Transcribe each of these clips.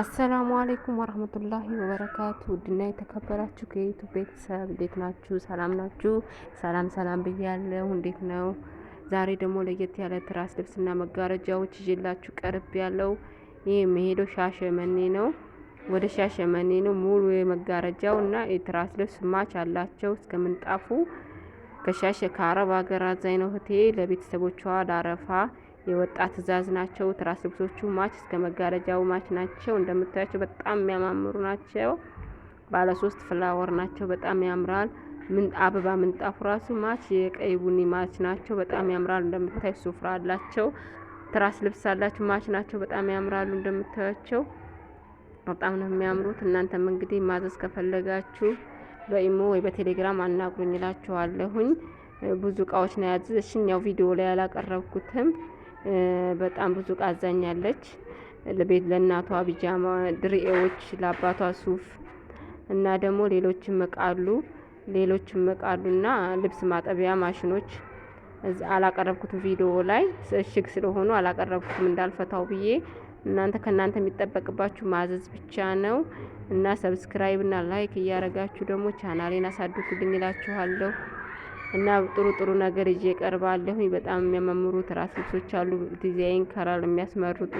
አሰላሙ አሌይኩም ወረህመቱላሂ ወበረካቱ። ውድና የተከበራችሁ ከዩቱብ ቤተሰብ እንዴት ናችሁ? ሰላም ናችሁ? ሰላም ሰላም ብያለሁ። እንዴት ነው? ዛሬ ደግሞ ለየት ያለ ትራስ ልብስና መጋረጃዎች ይዤላችሁ ቀርብ ያለው ይህ መሄደው ሻሸመኔ ነው። ወደ ሻሸመኔ ነው። ሙሉ የመጋረጃው እና የትራስ ልብስ ማች አላቸው እስከ ምንጣፉ ከሻሸ ከአረብ ሀገር አዛኝ ነው እህቴ ለቤተሰቦቿ ለአረፋ የወጣ ትእዛዝ ናቸው። ትራስ ልብሶቹ ማች እስከ መጋረጃው ማች ናቸው። እንደምታያቸው በጣም የሚያማምሩ ናቸው። ባለ ሶስት ፍላወር ናቸው። በጣም ያምራል። ምን አበባ ምንጣፉ ራሱ ማች የቀይ ቡኒ ማች ናቸው። በጣም ያምራሉ። እንደምታዩት ሱፍራ አላቸው። ትራስ ልብስ አላቸው። ማች ናቸው። በጣም ያምራሉ። እንደምታያቸው በጣም ነው የሚያምሩት። እናንተም እንግዲህ ማዘዝ ከፈለጋችሁ በኢሞ ወይ በቴሌግራም አናግሩኝ እላችኋለሁኝ። ብዙ እቃዎች ነው ያዘዝሽኝ። ያው ቪዲዮ ላይ ያላቀረብኩትም በጣም ብዙ እቃ አዛኛለች። ለቤት ለእናቷ ቢጃማ፣ ድርኤዎች፣ ለአባቷ ሱፍ እና ደግሞ ሌሎችም እቃ አሉ ሌሎችም እቃ ልብስ ማጠቢያ ማሽኖች አላቀረብኩትም ቪዲዮ ላይ እሽግ ስለሆኑ አላቀረብኩትም እንዳልፈታው ብዬ እናንተ ከእናንተ የሚጠበቅባችሁ ማዘዝ ብቻ ነው እና ሰብስክራይብ እና ላይክ እያረጋችሁ ደግሞ ቻናሌን አሳድጉልኝ እላችኋለሁ። እና ጥሩ ጥሩ ነገር ይዤ ቀርባለሁ በጣም የሚያማምሩ ትራስ ልብሶች አሉ፣ ዲዛይን ከራል የሚያስመርጡ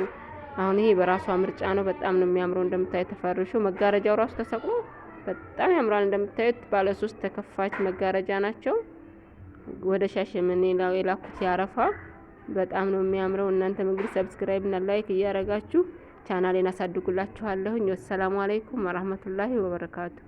አሁን ይሄ በራሷ ምርጫ ነው። በጣም ነው የሚያምረው። እንደምታዩት ተፈርሾ መጋረጃው ራሱ ተሰቅሎ በጣም ያምራል። እንደምታዩት ባለ ሶስት ተከፋች መጋረጃ ናቸው። ወደ ሻሸመኔ የላኩት ያረፋ በጣም ነው የሚያምረው። እናንተም እንግዲህ ሰብስክራይብ እና ላይክ እያረጋችሁ ቻናሌን አሳድጉላችኋለሁኝ። ወሰላሙ አለይኩም ወራህመቱላሂ ወበረካቱሁ።